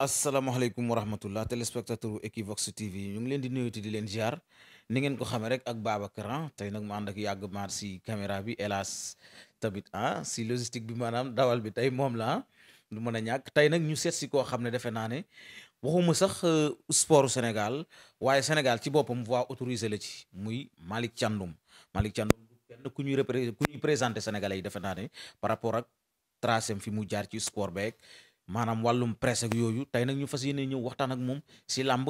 asalaamaaleykum wa rahmatullah téléspectateur bu Equivox TV ñu ngi leen di nuyuti di leen ziar ni ngeen ko xamee rek ak Babacar ah, tey nag mu ànd ak yàgg maar si caméra bi hélas tamit ah si logistique bi maanaam dawal bi tey moom la nu ah, mën a ñàkk tey nag ñu seet si koo xam ne defe naa ne waxuma sax euh, sport Sénégal waaye Sénégal ci boppam voie autorisé la ci muy Malick Thiandoum Malick Thiandoum kenn ku ñuy représenté ku ñuy présenté Sénégalais yi defe naa ne par rapport ak tracé fi mu jaar ci sport beeg. maanaam wàllum presse yooyu tey nag ñu fas yéene ñëw waxtaan ak moom si làmb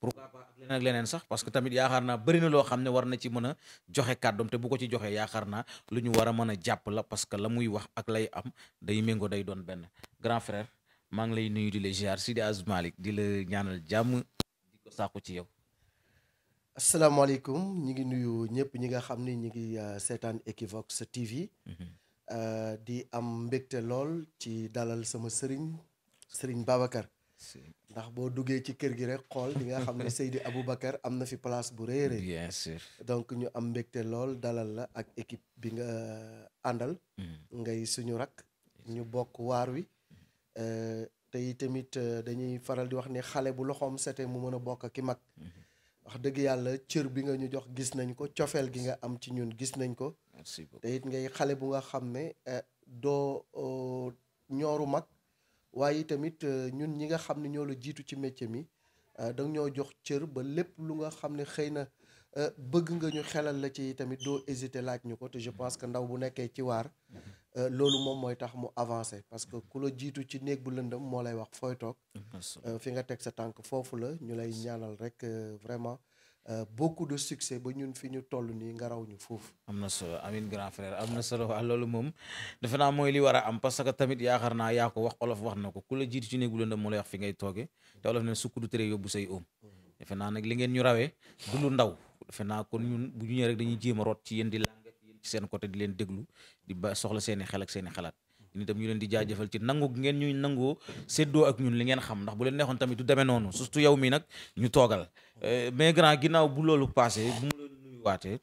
pour pas ak leneen sax parce que tamit yaakaar naa bëri na loo xam ne war na ci mën joxe kàddoom te bu ko ci joxee yaakaar naa lu ñu war a mën a jàpp la parce que la muy wax ak lay am day méngoo day doon benn grand frère maa ngi lay nuyu di la ziar Sidi Az Malick di la ñaanal jàmm di ko sàkku ci yow. asalaamaaleykum ñu ngi nuyu ñëpp ñi nga xam ni ñu ngi euh, seetaan Equivox TV. Mhm. Euh, di am mbégte lool ci dalal sama sëriñ sëriñ Babacar ndax boo duggee ci kër gi rek xool di nga xam ne Seydi Aboubacar am na fi place bu rëy a rëy bien donc ñu am mbégte lool dalal la ak équipe bi nga euh, àndal hmm. ngay suñu rak ñu bokk waar wi euh, te tamit dañuy faral di wax ne xale bu loxoom sete mu mën a bokk ki mag hmm. wax dëgg yàlla cër bi nga ñu jox gis nañ ko cofeel gi nga am ci ñun gis nañ ko merci te it ngay xale bu nga xam ne eh, doo ñooru mag waaye tamit eh, ñun ñi nga xam ne ñoo la jiitu ci métier mi eh, da ñoo jox cër ba lépp lu nga xam ne xëy na bëgg nga ñu xelal la ci tamit doo hésité laaj ñu ko te je pense que ndaw bu nekkee ci waar mhm. loolu moom mooy tax mu avancé parce que ku la jiitu ci néeg bu lëndam moo lay wax fooy toog fi nga teg sa tànk foofu la ñu lay ñaanal rek vraiment Euh, beaucoup de succès ba ñun fi ñu toll nii nga raw ñu foofu. am na solo amin grand frère am na solo waaw loolu moom defe naa mooy li war a am parce que tamit yaakaar naa yaa wax olof wax na ko ku la jiitu ci néegu lëndëm moo lay wax fi ngay tooge te olof ne sukk du tere yóbbu say oom. defe naa nag li ngeen ñu rawee du lu ndaw defe naa kon ñun bu ñu ñëwee rek dañuy jéem a ci yéen di làng ci seen côté di leen déglu di ba soxla seeni i xel ak seen i yéen ñu leen di jëfal ci nangu ngeen ñuy nangoo séddoo ak ñun li ngeen xam ndax bu leen neexoon tamit du demee noonu surtout yow mi nag ñu toogal euh, mais grand ginnaaw bu loolu passé bu mu leen nuyuwaatee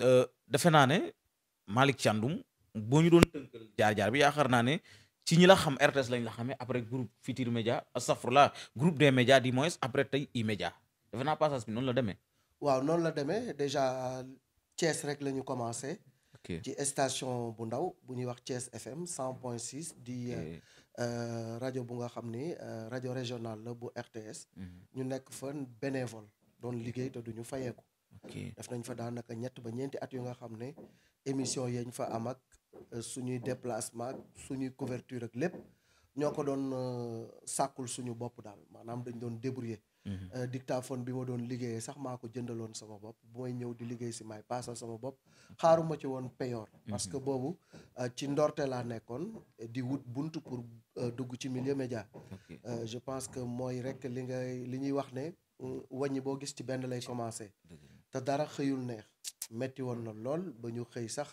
euh, defe naa ne Malick Thiandoum boo ñu doon tënkal jaar-jaar bi yaakaar naa ne ci ñi la xam RTS lañ la xamee après groupe Futurs Médias astafurlah groupe de médias du moins après tey E-Média defe naa passage bi noonu la demee waaw noonu la demee déjà Thiès rek la commencé ci station bu ndaw bu ñuy wax Thiès FM 100.6 di euh, euh, rajo bu nga xam ni euh, rajo régional la bu RTS. Mhm. ñu nekk fa bénévole doon liggéey te duñu fayeeku. def nañ fa daanaka ñett ba ñeenti at yu nga xam ne émission yañ fa am ak suñuy déplacement suñuy couverture ak lépp ñoo ko doon sàkkul suñu bopp daal maanaam dañ doon débrouiller. Mhm. Euh, dictaphone bi ma doon liggéeyee sax maa ko jëndaloon sama bopp bu may ñëw di liggéey si may paasal sama bopp xaaruma ci woon payoor mhm. parce que boobu euh, ci ndorte laa nekkoon di wut bunt pour euh, dugg ci milieu média je pense que mooy rek li ngay li ñuy wax ne mm, wàññi boo gis ci benn lay commencé te dara xëyul neex metti woon na lool ba ñu xëy sax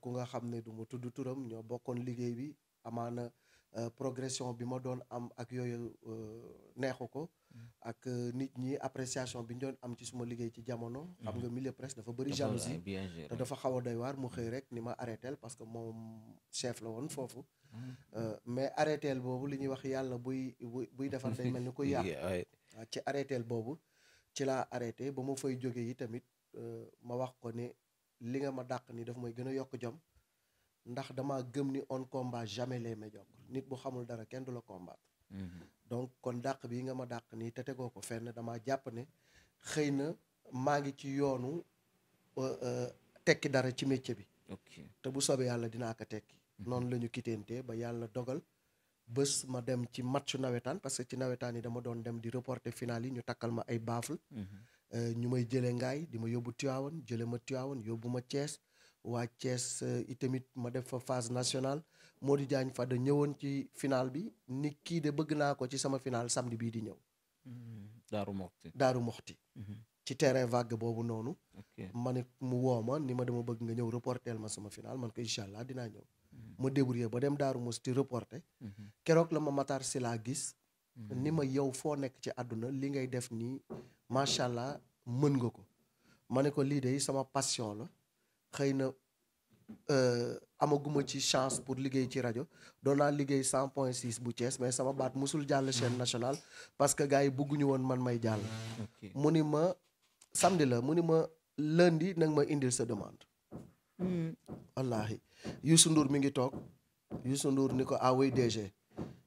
ku nga xam ne du ma tudd turam ñoo bokkoon liggéey bi amaana progression bi ma doon am ak yooyu neexu ko ak euh, nit ñi appréciation bi ñu doon am ci suma liggéey ci jamono. Mhm. xam nga milieu presse dafa bëri jalousie. te dafa xaw a doy waar mu xëy rek ni ma arrêtel parce que moom chef la woon foofu. Mhm. Euh, mais arrêtel boobu li ñuy wax yàlla buy buy defar day mel ni ko yàq. Ah, ci arrêtel boobu ci laa arrêté ba ma fay jóge yi tamit euh, ma wax ko ne li nga ma dàq ni dafa may gën a yokk jom. ndax dama gëm ni on combat jamais les médiocres nit bu xamul dara kenn du la combattre. Mhm. donc kon dàq bi nga ma dàq nii te tegoo ko fenn dama jàpp ne xëy na maa ngi ci yoonu euh, euh, tekki dara ci métier bi te bu soobee yàlla dinaa ko tekki mhm. noonu la ñu kitteentee ba yàlla dogal bés ma dem ci matchu nawetaan parce que ci nawetaan yi dama doon dem di reporter final yi ñu takkal ma ay baafle mhm. euh, ñu may jële ngaay di ma yóbbu Tivaouane jële ma Tivaouane yóbbu ma Thiès waa Thiès itamit ma def fa phase nationale moo di Modou Diagne Fada ñëwoon ci final bi ni kii de bëgg naa ko ci sama final samedi bii di ñëw. Mm-hmm. Daaru Moxti Daaru Moxti. Mm-hmm. ci terrain vague boobu noonu. ma ne mu woo ma ni ma dama bëgg nga ñëw reporteel ma sama final man ko incha allah dinaa ñëw. Mm-hmm. ma débrouillé ba dem Daaru mosti reporter keroog la ma Matar si laa gis. ni ma yow foo nekk ci àdduna li ngay def nii macha allah mën nga ko. ma ne ko lii de sama passion la xëy na. Euh, amaguma ci chance pour liggéey ci rajo doon naa liggéey 100 point 6 bu Thiès mais sama baat musul jàll chaîne nationale parce que gars yi bëgguñu woon man may jàll. mu ni ma samedi mu ni ma lundi nag ma indil sa demande. Hmm. wallaahi Youssou Ndour mi ngi toog Youssou Ndour ni ko away ah DG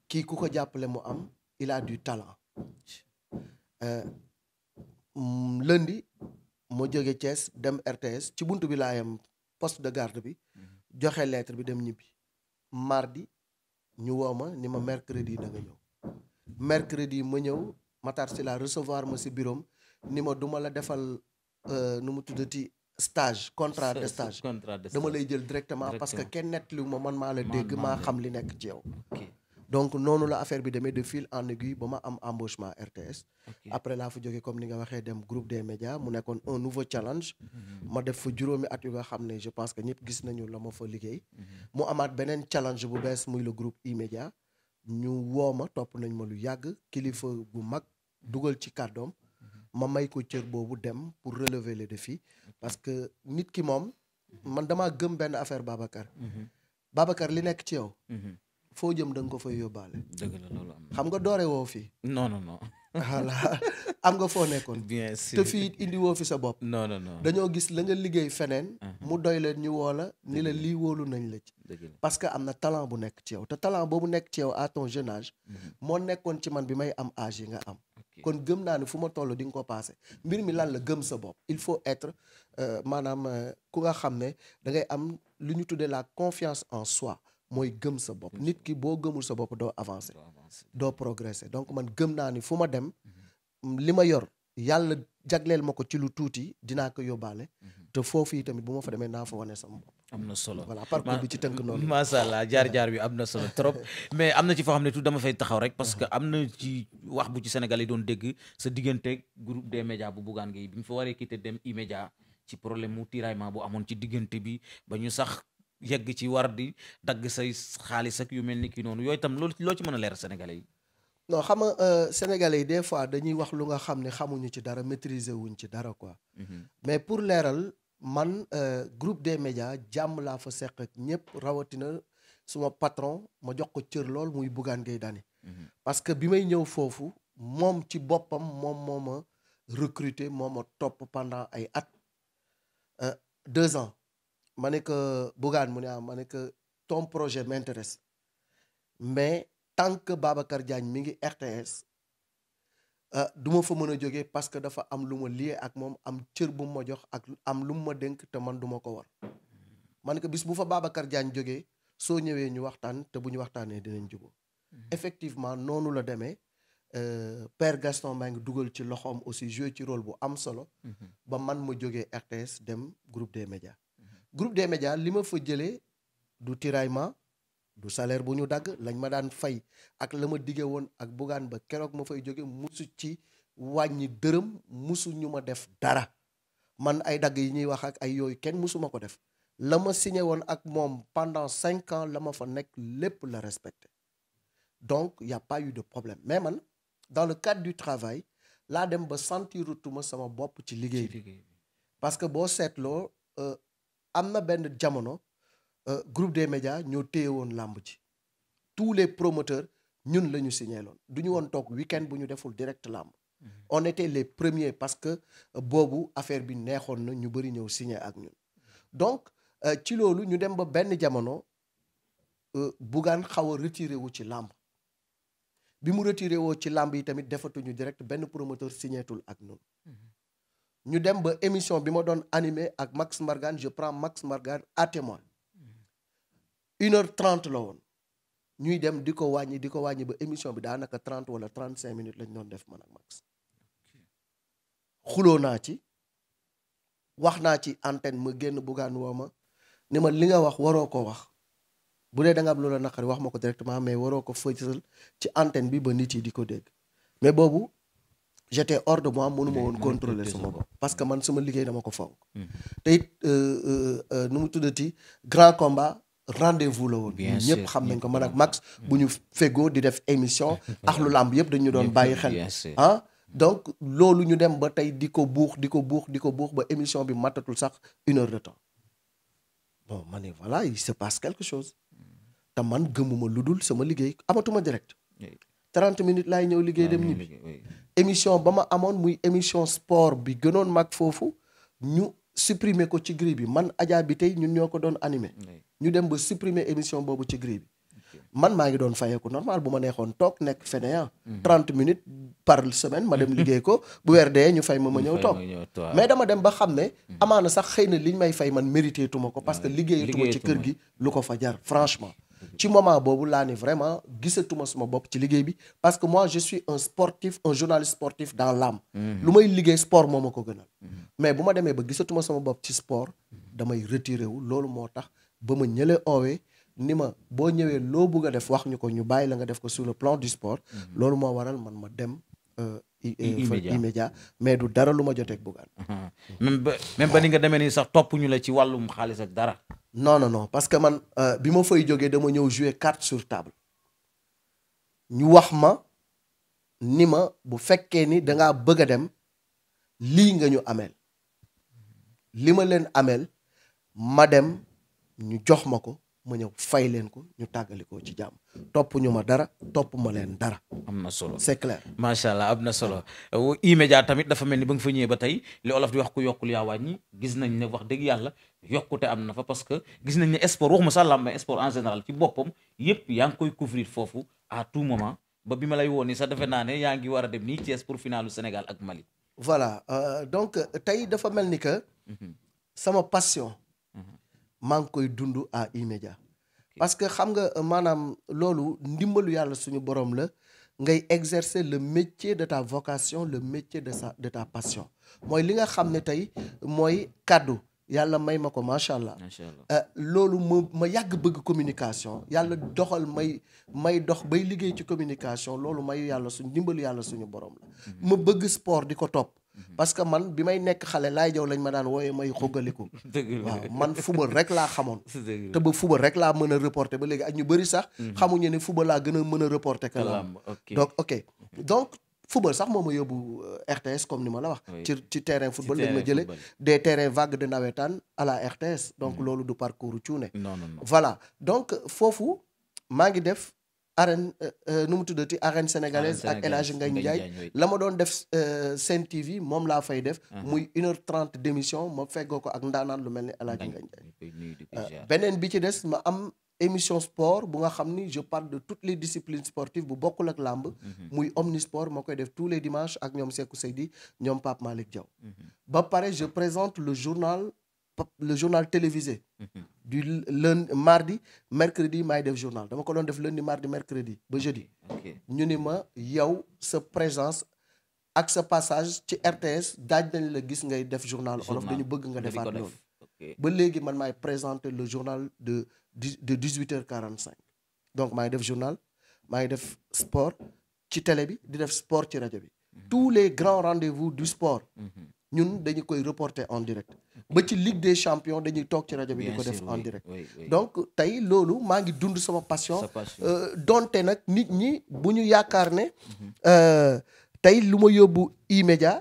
kii ku ko jàppale mu am il a du talent. Euh, lundi ma jóge Thiès dem RTS ci bunt bi laa yem poste de garde bi. Hmm. joxe leetre bi dem ñibbi mardi ñu woo ma ni ma mercredi da nga ñëw mercredi ma ñëw Matar si la recevoir ma si bureau ni ma duma la defal euh, nu mu tuddati stage contrat de stage dama lay jël directement parce que kenn nettaliwu ma man maa la dégg maa xam li nekk ci yow donc noonu la affaire bi demee de fil en aiguille ba ma am embauchement RTS. après laa fa jógee comme ni nga waxee dem groupe des médias mu nekkoon un nouveau challenge. Mhm. ma def fa juróomi at yu nga xam ne je pense que ñëpp gis nañu la ma fa liggéey. Mhm. mu amaat beneen challenge bu bees muy la groupe e ñu woo ma topp nañ ma lu yàgg kilifa bu mag dugal ci kàddoom. Mhm. ma may ko cër boobu dem pour relever les défis parce que nit ki moom man dama gëm benn affaire Babacar. li nekk ci yow. foo jëm da ko fay yóbbaale. dëgg la xam nga doore woo fii. non no non. voilà am nga foo nekkoon. bien sûr te fii indi woo fi sa bopp. non non dañoo gis la nga liggéey feneen. Ah. mu doy leen ñu woo la ni la lii wóolu nañ la ci. parce que am na talent bu nekk ci yow te talent boobu nekk ci yow à ton jeune mhm. moo nekkoon ci man bi may am âge yi nga am. kon gëm naa ne fu ma toll di nga ko paase mbir mi lan la gëm sa bopp il faut être euh, maanaam euh, ku nga xam ne da ngay am lu ñu tuddee la confiance en soi. mooy gëm sa bopp nit ki boo gëmul sa bopp doo avancer doo progresser donc man gëm naa ni fu ma dem mhm. li ma yor yàlla jagleel ma ko ci lu tuuti dinaa ko yóbbaale mhm. te foofu yi tamit bu ma fa demee naa fa wane sama bopp am na solo voilà parcours bi ci tënk noonu macha allah jaar jaar bi am na solo trop mais am na ci foo xam ne tout dama fay taxaw rek parce que uh-huh. am na ci wax bu ci Sénégal yi doon dégg sa diggante groupe de médias bu Bougane Gueye bi mu fa waree quitter dem i immédiat ci problème mu tiraillement bu amoon ci diggante bi ba ñu sax yegg ci war di dagg say xaalis ak yu mel ni ki noonu yooyu itam loolu loo ci mën a leer sénégalais yi. non xam nga euh, sénégalais yi des fois dañuy wax lu nga xam ne xamuñu ci dara maîtriser wuñ ci dara quoi. Mhm. mais pour leeral man euh, groupe des médias jàmm laa fa seq ak ñëpp rawatina suma patron ma jox ko cër lool muy Bougane Gueye Dany. Mhm. parce que bi may ñëw foofu moom ci boppam moom moo ma recruter moo ma topp pendant ay at euh, deux ans. ma ne que Bougane mu ne am ah, ma ne que ton projet m'intéresse mais tant que Babacar Diagne mi ngi RTS euh, du ma fa mën a jóge parce que dafa am lu ma lié ak moom am cër bu ma jox ak am lu ma dénk te man duma ko war ma ne que bis bu fa Babacar Diagne jógee soo ñëwee ñu waxtaan te bu ñu waxtaanee dinañ jubóo. Mm-hmm. effectivement noonu la demee euh, Père Gaston maa ngi dugal ci loxoom aussi joué ci rôle bu am solo. Mm-hmm. ba man ma jógee RTS dem groupe des médias. groupe des médias li ma fa jëlee du tiraillement du salaire bu ñu dagg lañ ma daan fay ak la ma dige woon ak bugaan ba keroog ma fay jóge musu ci wàññi dërëm musu ñu ma def dara man ay dagg yi ñuy wax ak ay yooyu kenn musuma ko def la ma signé woon ak moom pendant cinq ans la ma fa nekk lépp la respecté donc y pas eu de problème mais man dans le cadre du travail laa dem ba sentirutuma sama bopp ci liggéey bi parce que boo seetloo euh, am na benn jamono euh, groupe des médias ñoo téye woon làmb ji tous les promoteurs ñun la ñu signé loon du ñu woon toog week-end bu ñu deful direct làmb mhm. on les premiers parce que euh, boobu affaire bi neexoon na ñu bëri ñëw signé ak ñun donc euh, ci loolu ñu dem ba benn jamono Bougane xaw a retiré wu ci làmb bi mu retiré woo ci làmb yi tamit defatuñu direct benn promoteur signétul ak ñun ñu dem ba émission bi ma doon animé ak Max Margan je prends Max Margan à témoin trent mm-hmm. heure la woon ñuy dem di ko wàññi di ko wàññi ba émission bi daanaka trente wala trente cinq minutes lañ doon def man ak Max xuloo naa ci wax naa ci antenne ma génn buggaan woo ma ni ma li nga wax waroo ko wax bu dee da nga am loola naqari wax ma ko directement mais waroo ko fësal ci antenne bi ba nit yi di ko dégg mais boobu j'étais hors de moi ma woon contrôler sama bopp parce que man sama liggéey dama ko fonk hmm. te it euh, euh, euh, nu mu tuddati grand combat rendez-vous la woon ñëpp xam nañ ko man ak Max bu ñu fegoo di def émission ax lu làmb yëpp dañu doon bàyyi xel ah donc loolu ñu dem ba tey di ko buux di ko buux di ko buux ba émission bi matatul sax une heure de temps bon ne voilà il se passe quelque chose hmm. te man gëmuma lu dul sama liggéey amatuma direct 30 minutes laay ñëw liggéey dem émission ba ma amoon muy émission sport bi gënoon mag foofu ñu supprimer ko ci grille bi man ajaa bi tey ñun ñoo ko doon animé ñu dem ba supprimer émission boobu ci grille bi man maa ngi doon fayeeku normal bu ma neexoon toog nekk fainéant. 30 mhm. minutes par semaine ma dem liggéey ko bu weer dee ñu fay ma ma ñëw toog mais dama dem ba xam ne. Mhm. amaana sax xëy na li ñu may fay man mérité tuma ko parce que liggéeyatuma ci kër gi lu ko fa jar franchement. ci moment boobu laa ne vraiment gisatuma suma bopp ci liggéey bi parce que moi je suis un sportif un journaliste sportif dans l'âme mhm. lu may liggéey sport moo ma ko gënal mhm. mais bu ma demee ba gisatuma sama bopp ci sport damay retiré wu loolu moo tax ba ma ñële oowee ni ma boo ñëwee loo bëgg def wax ñu ko ñu bàyyi la nga def ko sur le plan du sport mhm. loolu moo waral man ma dem Euh, euh, immédiat mais du dara lu ma joteeg Bougane mhm. même ba même ba ni nga demee nii sax toppuñu ñu la ci wàllum xaalis ak dara non non non parce que man euh, bi ma fay jógee dama ñëw jouer carte sur table ñu wax ma ni ma bu fekkee ni danga bëgg a dem lii nga ñu ameel li ma leen ameel ma dem ñu jox ma ko ma ñëw fay leen ko ñu tàggalikoo ci jàmm topp ma dara topp ma leen dara. am na solo c'est clair. macha allah am na solo euh, E-Media tamit dafa mel ni ba nga fa ñëwee ba tey li olof wax ku yokkul yaa wàññi gis nañ ne wax dëgg yàlla yokkute am na fa parce que gis nañ ne sport waxuma sax làmb mais en général ci boppam yëpp yaa ngi koy couvrir foofu à tout moment ba bi ma lay woon nii sax defe naa ne yaa ngi war a dem nii Thiès pour finaalu Sénégal ak Mali. voilà euh, donc tey dafa mel ni que. Mhm. sama passion. maa ngi koy dund à immédiat parce que xam nga euh, maanaam loolu ndimbalu yàlla suñu borom la ngay exercer le métier de ta vocation le métier de sa de ta passion mooy li nga xam ne tey mooy kàddu yàlla may ma ko macha allah euh, loolu ma ma yàgg bëgg communication yàlla doxal may may dox bay liggéey ci communication loolu mayu yàlla suñu ndimbalu yàlla suñu borom la mhm. ma bëgg sport di ko topp parce que man bi may nekk xale laay jaw lañ ma daan wooyee may xogaliku waaw man fubal rek laa xamoon te ba fubal rek laa mën a ba léegi ak ñu bëri sax mm-hmm. xamuñu ne fubal laa gën a mën a reporter que lamb donc ok donc football sax moo ma yóbbu euh, RTS comme ni ma la wax. ci ci terrain football lañ ma jëlee. des terrains vagues de nawetaan à la RTS. donc mm-hmm. loolu du parcours cuune. non non voilà donc foofu maa ngi def arène euh, euh, nu mu tuddati arène sénégalaise ak El Hadj Ngagne Ndiaye la ma doon def euh, Sen TV moom laa fay def muy une heure trente d'émission ma feggoo ko ak ndaanaan lu mel ni El Hadj Ngagne beneen bi ci des ma am émission sport bu nga xam ni je parle de toutes les disciplines sportives bu bokkul ak làmb muy omnisport ma koy def tous les dimanches ak ñoom Sekou Seydi ñoom Pape Malick Diaw ba pare je présente le journal le journal télévisé. Mhm. du lundi mardi mercredi maay def journal dama ko doon def lundi mardi mercredi ba jeudi. ñu ni ma yow sa présence ak sa passage ci RTS daaj nañ la gis ngay def journal olof dañu bëgg nga defaat loolu. ba léegi man maay présenter le journal de de dix huit heures quarante cinq. donc maay def journal maay def sport ci télé bi di def sport ci rajo bi. Mhm. tous les grands rendez-vous du sport. Mhm. ñun dañu koy reporter en direct ba ci Ligue des champions dañuy toog ci rajo bi di def en direct donc tey loolu maa ngi dund sama passion euh, donte nag nit ñi bu ñu yaakaar ne mhm. euh, tey lu ma yóbbu E-Media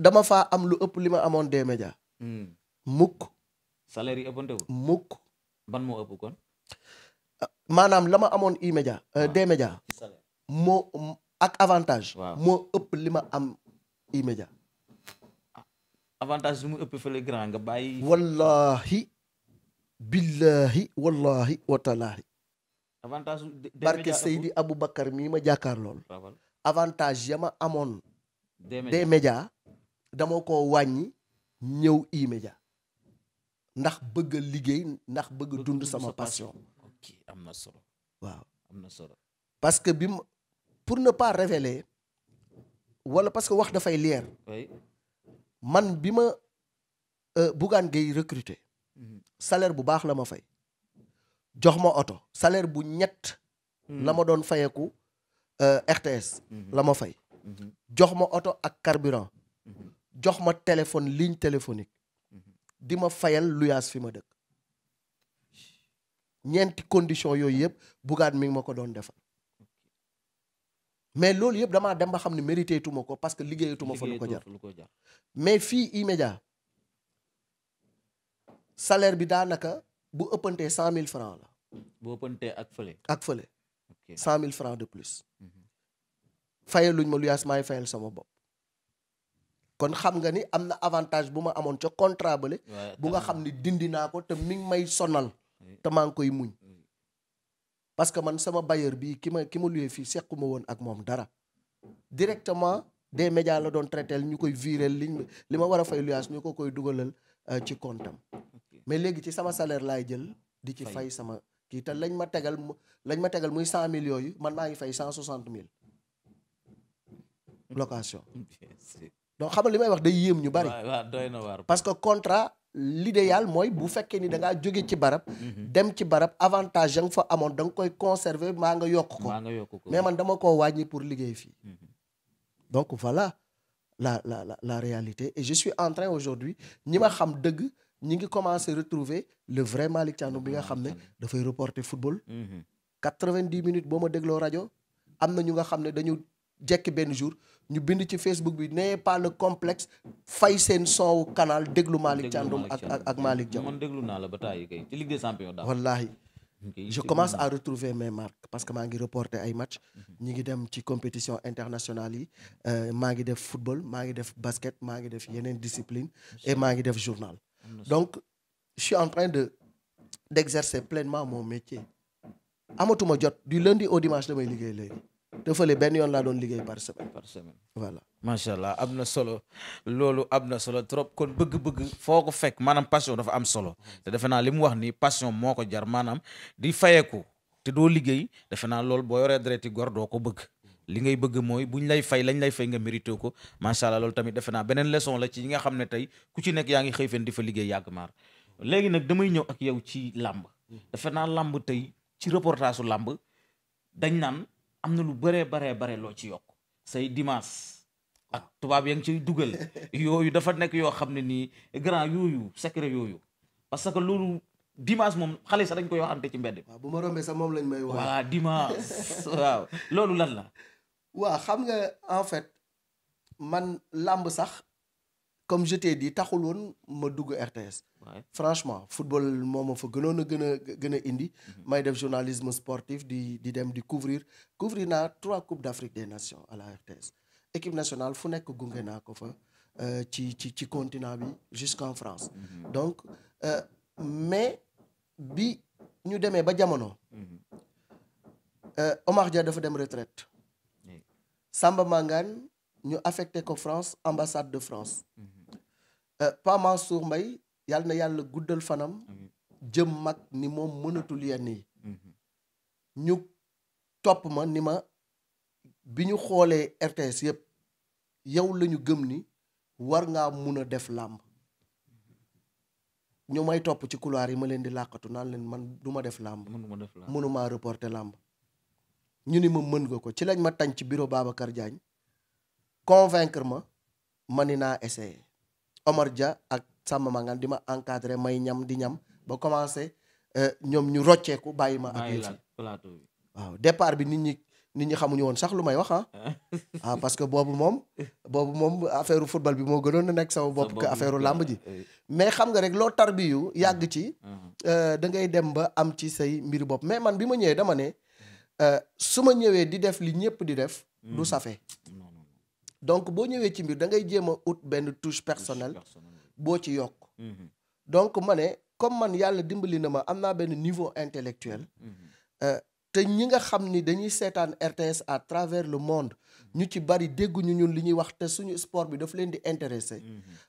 dama faa am lu ëpp li ma amoon des médias hmm. mukk salaire yi mukk ban moo ëpp maanaam la ma amoon E-Media euh, ah, des médias moo ak avantage moo ëpp li ma am E-Media avantage bi mu ëpp fële grand nga bàyyi. wallaahi. billaahi wallaahi watalaahi. barke Seydi Aboubacar mii ma jàkkaar lool. avantage ya ma amoon. des médias dama ko wàññi ñëw E-Media ndax bëgg liggéey ndax bëgg dund sama passion. ok am na solo. waaw na solo. que bi ma pour ne pas révéler wala parce que wax dafay leer. man bi ma euh, Bougane Gueye recruter mhm. salaire bu baax la ma fay jox ma oto salaire bu ñett mhm. la ma doon fayeeku euh, RTS mhm. la ma fay jox ma oto ak carburant jox ma téléphone ligne téléphonique di ma fayal luyaas fi ma dëkk ñeenti condition yooyu yëpp Bougane mi ma ko doon defal mais loolu yëpp damaa dem ba xam ne mériteetuma ko parce que liggéeyatuma fa lu ko jar mais fii immédiat salaire bi daanaka bu ëppantee cent mille francs la. bu ëppantee ak fële. ak fële cent mille francs de plus. Mhm. fayaluñ ma lu yaas maay fayal sama bopp. kon xam nga ni am na avantage bu ma amoon ca contrat bële. bu nga xam ni dindi naa ko te mi ngi may sonal. te maa ngi koy muñ. parce que man sama bailleur bi ki ma ki ma luyee fii sequma woon ak moom dara directement des médias la doon traiteel ñu koy viréel liñ li ma war a fay luyaas ñu ko koy dugalal euh, ci comptam mais léegi ci sama salaire laay jël di ci fay sama kii te lañ ma tegal lañ ma tegal muy cent mille yooyu man maa ngi fay cent soixante mille location donc xam li may wax day yéem ñu bari parce que l'idéal mooy bu fekkee ni dangaa jóge ci barab. dem ci barab avantage ya nga fa amoon da nga koy conserver maa nga yokk ko. maa ko mais man dama koo wàññi pour liggéey fii. Mhm. donc voilà la la la la réalité et je suis en aujourd'hui ñi ma xam dëgg ñi ngi commencer retrouver le vrai Malick Thiandoum bi nga xam ne dafay reporter football. 90 mhm. minutes boo ma dégloo rajo am na ñu nga xam ne dañu jekki benn jour. ñu bind ci Facebook bi n'ayez pas le complexe fay seen soow canal déglu Malick Thiandoum ak ak ak Malick Diaw. déglu naa la ba taay kay ci Ligue des Champions je commence à retrouver mes marques parce que maa ngi reporter ay match ñi ngi dem ci compétition internationale yi euh, maa ngi def football maa ngi def basket maa ngi def yeneen discipline et maa ngi def journal donc je suis en train de d'exercer pleinement mon métier amatuma jot di lundi au dimanche may liggéey léegi te fële benn yoon laa doon liggéey am na solo loolu am na solo trop kon bëgg-bëgg foo ko fekk maanaam passion dafa am solo defe naa li mu wax nii passion moo ko jar maanaam di fayeku doo liggéey defe naa loolu boo yoree gor doo ko bëgg. li ngay bëgg mooy bu ñu lay fay lañ lay fay nga mérité ko macha allah loolu tamit defe naa beneen leson la ci ñi nga xam ne tey ku ci nekk yaa ngi xëy fen di fa liggéey yàgg maar léegi nag damay ñëw ak yow ci làmb defe naa làmb tey ci reportage su làmb dañ naan am na lu bëree baree bare loo ci yokk say dimanche ak tubaab yaa ngi ciy dugal yooyu dafa nekk yoo xam ne nii grand yooyu secret yooyu parce que loolu dimanche moom xale sax dañ koy waxante ci mbedd. waaw bu ma rombee sax moom lañ may wax. waaw dimanche loolu lan la. waaw xam nga en fait man làmb sax comme je di dit taxul woon ma dugg RTS. franchement football moo ma fa gënoon a gën a gën a indi. Mhm. may def journalisme sportif di di dem di couvrir couvrir naa trois coupes d'Afrique des nations à la RTS. équipe nationale fu nekk gunge naa ko fa euh, ci ci ci continent bi jusqu'en France. Mhm. donc euh, mais bi ñu demee ba jamono. Mhm. Euh, Omar Dia dafa dem retraite Samba Mangane ñu affecté ko France ambassade de France. Euh, pa Mansour mbay yàlla na yàlla guddal fanam jëm mag ni moom mënatul yenn yi mhm. ñu topp ma ni ma bi ñu xoolee RTS yëpp yow lañu gëm ni war ngaa mun a def làmb ñu may topp ci couloir yi ma leen di làqatu naan leen man du ma def làmb mënumaa reporter làmb ñu ni ma mën nga ko ci lañ ma tañ ci bureau Babacar Diagne convaincre ma ma ni naa essayer Omar Dia ak Samba Mangane di ma encadré may ñam di ñam ba commencé euh, ñoom ñu rocceeku bàyyi ma. ak plateau bi waaw départ bi nit ñi. nit ñi xamuñu woon sax lu may wax a ah. ah parce que boobu moom. boobu moom affaire football bi moo gënoon na nekk sama bopp. que affaire làmb ji. mais xam nga rek loo tarbiyu yàgg ci. Mm-hmm. Mm-hmm. Euh, da ngay dem ba am ci say mbir bopp mais man bi ma ñëwee dama ne. Euh, su ma ñëwee di def li ñëpp di def. du mm. safe donc boo ñëwee ci mbir da ngay jéem a ut benn touche personnelle boo ci yokk donc ma ne comme man yàlla dimbali na ma am naa benn niveau intellectuel euh, te ñi nga xam ni dañuy seetaan RTS à travers le monde ñu ci bari dégguñu ñun li ñuy wax te suñu sport bi dafa leen di intéressé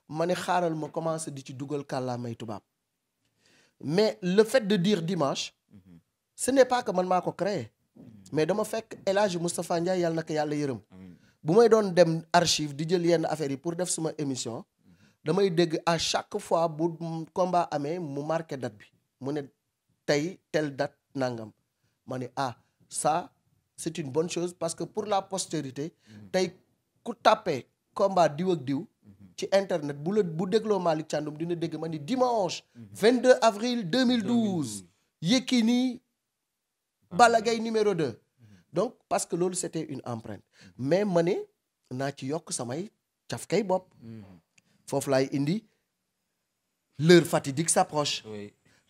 ma ne xaaral ma commencé di ci dugal kàllaamay tubaab mais le fait de dire dimanche ce n'est pas que man maa ko créé mais dama fekk El Hadj Moustapha yàlla na yàlla yërëm bu may doon dem archive di jël yenn affaires yi pour def suma émission damay dégg à chaque fois bu combat amee mu marqué date bi mu ne tey telle date nangam ma ne ah ça c'est une bone chose parce que pour la postérité tey ku tàppee combat diw ak diw ci internet bu la bu dégloo Malick Thiandoum dina dégg ma ni dimanche 22 avril 2012 nii bala gay numéro 2 donc parce que loolu c'était une empreinte mais ma naa ci yokk samay caf kay bopp foofu laay indi leur fatidique s'approche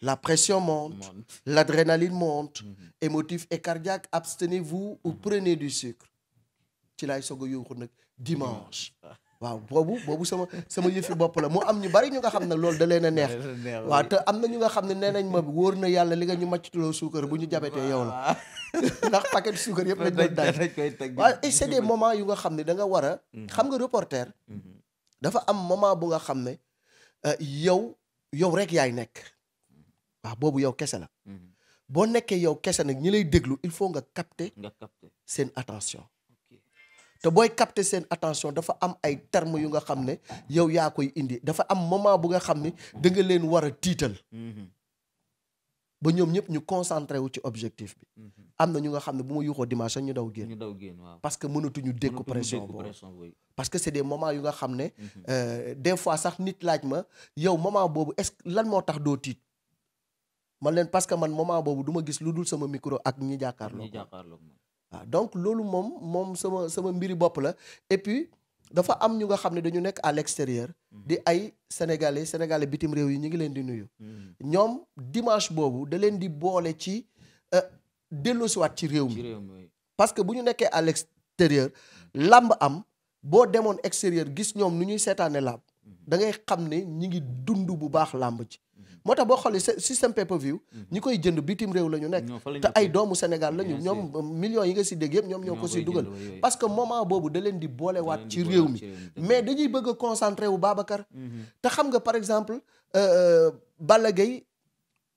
la pression monte, monte. l'adrénaline monte mm -hmm. émotif et cardiaque abstenez-vous ou mm-hmm. prenez du sucre ci lay soog a yuuxu nag dimanche waaw boobu boobu sama sama yëfi bopp la mu am ñu bari ñu nga xam ne loolu da leen a neex waaw te am na ñu nga xam ne nee nañ ma wóor na yàlla li nga ñu màcctuloo suukar bu ñu jabetee yow la ah. ndax paquet suukar yëpp lañ doon daaj waaw et c'est des moments yu nga xam ne danga nga war a mm-hmm. xam nga reporter mm-hmm. dafa am moment bu nga xam ne euh, yow yow rek yaay nekk waaw boobu yow kese la mm-hmm. boo nekkee yow kese nag ñi lay déglu il faut nga capter nga seen attention te booy capter seen attention dafa am ay termes yu nga xam ne yow yaa koy indi dafa am moment bu nga xam ne da nga leen war a tiital. Mm-hmm. ba ñoom ñëpp ñu concentré wu ci objectif bi. Mm-hmm. am na ñu nga xam ne bu ma yuuxoo dimanche ñu daw génn. ñu daw génn waaw parce que mënatuñu dékku pression boobu parce que c' est des moments xam ne. Mm-hmm. Euh, des fois sax nit laaj ma yow moment boobu est ce lan moo tax doo tiit. man leen parce que man moment boobu duma gis lu dul sama micro ak ñi jàkkaarloo. ñi jàkkaarloo waaw donc loolu moom moom sama sama mbiri bopp la et puis dafa am ñu nga xam ne dañu nekk à l'extérieur mhm. di ay sénégalais sénégalais bitim réew yi ñu ngi leen di nuyu mhm. ñoom dimanche boobu da leen di boole ci euh, delloosiwaat ci réew mi parce que bu ñu nekkee à l'extérieur lamb am boo demoon extérieur gis ñoom nu ñuy seetaane lamb dangay xam ne ñi ngi dund bu baax làmb ci moo tax boo xoolee système pay-per-view ñi koy jënd bitim réew la ñu nekk te ay doomu Sénégal la ñu ñoom euh, millions yi nga si dégg yëpp ñoom ñoo ko si dugal parce que moment boobu da di boole boolewaat ci réew mi mais dañuy bëgg a concentré wu Babacar mhm. te xam nga par exemple euh, euh, Balla Gaye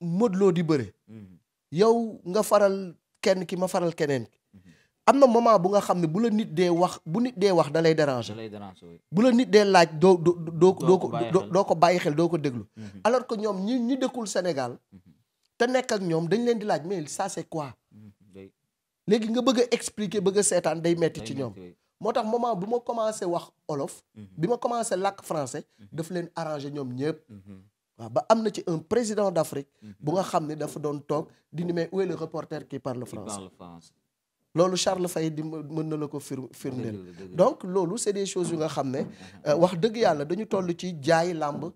Modou Lo di bëre mhm. yow nga faral kenn ki ma faral keneen ki am na moment bu nga xam ne bu la nit dee wax bu nit dee wax da lay déranger bu la nit dee laaj doo doo doo doo ko doo ko bàyyi xel doo ko déglu mhm. alors que ñoom ñi ñi dëkkul Sénégal mhm. te nekk ak ñoom dañ leen di laaj mais ça c'est quoi mhm, léegi nga bëgg a expliquer bëgg a seetaan day metti ci ñoom moo tax moment bu ma commencé wax olof bi ma commencé lakk français daf leen arranger ñoom ñëpp waaw ba am na ci un président d'Afrique bu nga xam ne dafa doon toog di ni mais où est le reporter qui parle français loolu Charles Faye di mën na la ko fir firndeel donc loolu c'est des choses yu nga xam ne euh, wax dëgg yàlla dañu toll ci jaay làmb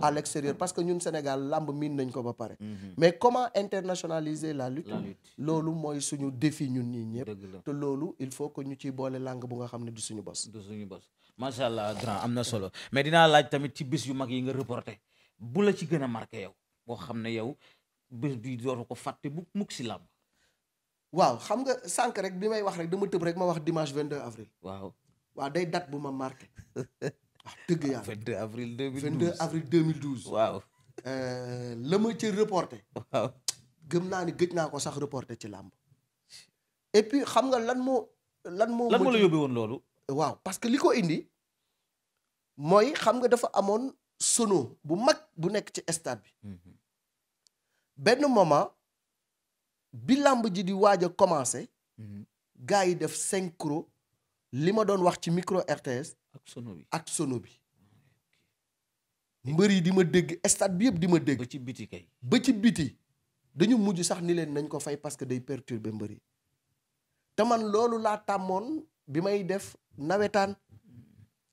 à l'extérieur parce que ñun Sénégal làmb miin nañ ko ba pare mhm. mais comment internationaliser la lutte loolu mooy suñu défi ñun ñii ñëpp te loolu il faut que ñu ciy boole làng bu nga xam ne du suñu bos du suñu bos macha allah grand am na solo mais dinaa laaj tamit ci bis yu mag yi nga reporté bu la ci gën a marqué yow boo xam ne yow bés bi dootu ko fàtte bu mukk si làmb waaw xam nga sànq rek bi may wax rek dama tëb rek ma wax dimanche 22 avril. waaw waaw day date bu ma marqué. wax dëgg yàlla 22 avril 2012 22 avril 2012. Euh, la ma ci reporté. waaw gëm naa ni gëj naa ko sax reporter ci làmb. et puis xam nga lan moo. lan moo lan la yóbbee woon loolu. waaw parce que li ko indi mooy xam nga dafa amoon sono bu mag bu nekk ci stade bi. Mhm. benn moment. bi làmb ji di waaj a commencé. Mhm. gars yi def synchro li ma doon wax ci micro RTS. ak sono bi ak sono bi. mbër yi di ma dégg stade bi yëpp di ma dégg. ba ci biti kay ci biti. dañu mujj sax ni leen nañ ko fay parce que day perturber mbër yi te man loolu laa tàmmoon bi may def nawetaan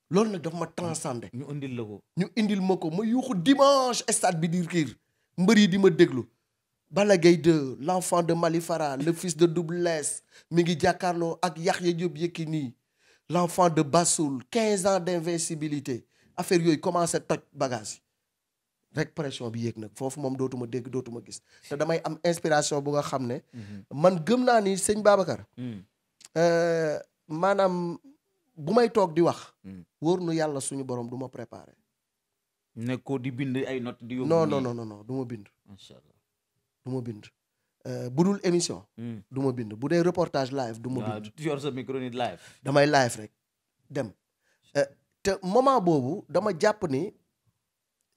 loolu nag daf ma transcender. ñu indil la ko ñu indil ma ko ma yuuxu dimanche stade bi di riir mbër yi di ma déglu. Balla Gaye 2 l'enfant de Malifara le fils de Double Less mi ngi jàkkaarloo ak yax Yaxya Diop Yékini l'enfant de Bassoul 15 ans d'invincibilité affaire yooyu commencé toj bagage yi rek pression bi yéeg nag foofu moom dootuma dégg dootuma gis te damay am inspiration bu nga xam ne mhm. man gëm naa ni sëñ Babacar mm. euh, maanaam bu may toog di wax mm. wóor nu yàlla suñu borom du ma préparé ne ko di bind ay notes di yóbbu non non non non du ma bind incha du ma bind. Euh, bu dul émission. Hmm. du ma bind bu dee reportage live du ma bind. yor sa micro nit live. rek dem euh, te moment boobu dama jàpp ni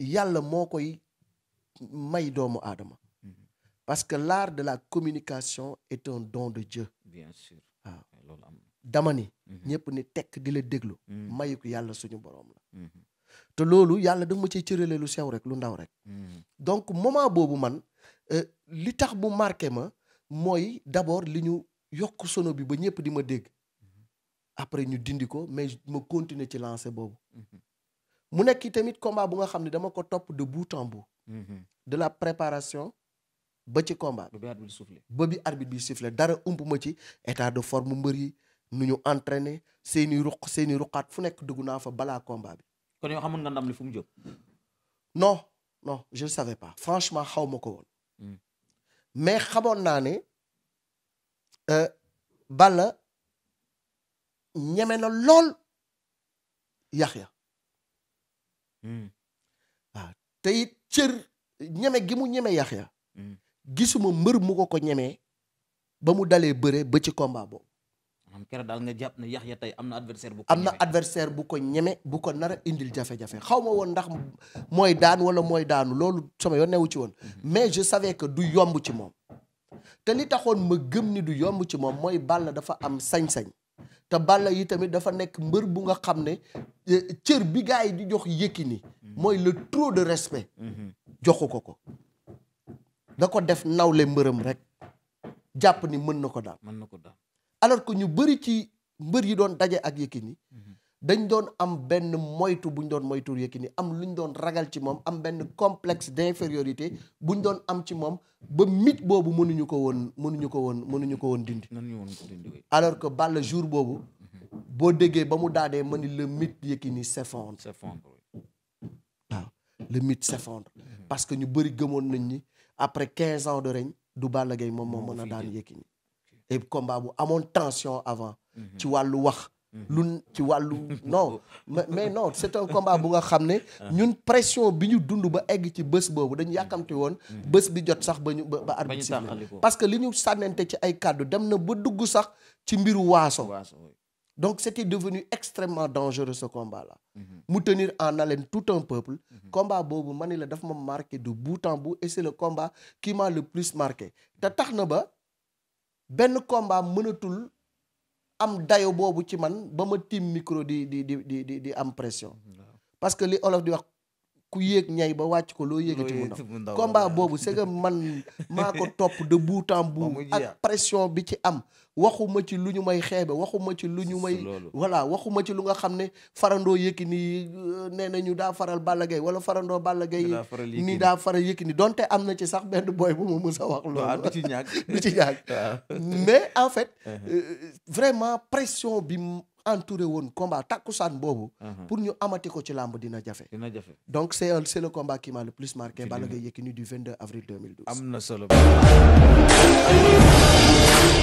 yàlla moo koy may doomu aadama. Hmm. parce que l'art de la communication est un don de Dieu. bien sûr waaw hmm. ñëpp ni tekk di la déglu. mayu ko yàlla suñu boroom la. te loolu yàlla da ma ciy cëralee lu sew rek lu ndaw rek. donc moment boobu man. Euh, li tax mu marqué ma mooy d'abord li ñu yokk sono bi ba ñëpp di ma dégg mm-hmm. après ñu dindi ko mais ma continuer ci lancé boobu mm-hmm. mu nekk tamit combat bu nga xam ne dama ko topp de bout en bout mm-hmm. de la préparation ba ci combat ba bi arbitre bi sifflé dara ump ma ci état de forme mbër yi nu ñu entraîné seeni ruq seeni ruqaat fu nekk dugg naa fa balaa combat bi kon yoo yow xamul nga ndam li fu mu jóg non non je ne savais pas franchement xaw ma ko woon Hmm. mais xamoon naa ne euh, bala ñeme na lool Yaxya hmm. waaw te it cër ñeme gi mu ñeme hmm. gisuma mbër mu ko ko ñemee ba mu dalee bëre ba ci combat boobu kere daal nga jàpp ne Yaxya tey am na adversaire bu ko am na adversaire bu ko ñeme bu ko nar indil jafe-jafe xaw ma woon ndax mooy daan wala mooy daanu loolu sama yoon newu ci woon mhm. mais je savais que du yomb ci moom te li taxoon ma gëm ni du yomb ci moom mooy Balla dafa am sañ-sañ te Balla yi tamit dafa nekk mbër bu nga xam ne e, cër bi gars yi di jox ni mhm. mooy le trop de respect mhm. joxu ko ko da ko def nawle mbërëm rek jàpp ni mën na ko daal mën na ko daal alors que ñu bëri ci mbër yi doon daje ak Yékini mhm. dañ doon am benn moytu bu ñu doon moytu Yékini am lu ñu doon ragal ci moom am benn complexe d'infériorité bu ñu doon am ci moom ba mit boobu mënuñu ko woon mënuñu ko woon mënuñu ko woon dindi alors que Balla jour boobu mhm. boo déggee ba mu daadee mën ni le mythe Yékini s'effondre s'effondre waaw le mythe s'effondre mhm. parce que ñu bëri gëmoon nañ ni après quinze ans de règne du Balla Gaye moom moo mën a daan Yékini et combat bu amoon tension avant. Mhm. ci wàllu wax. Mhm. lu ci wàllu non mais non c'est un combat bu nga xam ne ah. ñun pression bi ñu dund ba egg ci bës boobu dañu yàkkamte woon mhm. bés bi jot sax ba ñu ba arbitre parce que li ñu sànnante ci ay kàddu dem na ba dugg sax ci mbiru waaso donc c'était devenu extrêmement dangereux ce combat là mu tenir en haleine tout un peuple combat boobu ma ne la daf ma marqué de bout en bout et c'est le combat qui m'a le plus marqué te tax na ba benn combat mënatul am dayo boobu ci man ba ma tiim micro di di di di di, am pression parce que li olof di wax ku yéeg ñay ba wàcc ko loo yéegati mu ndaw combat boobu c'est man maa ko topp de bout temps bout ak pression bi ci am waxuma ci lu ñu may xeebe waxuma ci lu ñu may voilà waxuma ci lu nga xam ne farandoo nii euh, nee nañu daa faral Balla Gaye wala farandoo Balla Gaye ni daa faral Yékini donte am na ci sax benn boy bu mu mës a wax loolu du ci ñàkk du ci ñàkk mais en fait uh-huh. euh, vraiment pression bi entouré woon combat takkusaan boobu uh-huh. pour ñu amati ko ci làmb dina jafe dina jafe donc c'est c'est le combat qui m'a le plus marqué Balla Gaye Yékini du 22 avril na solo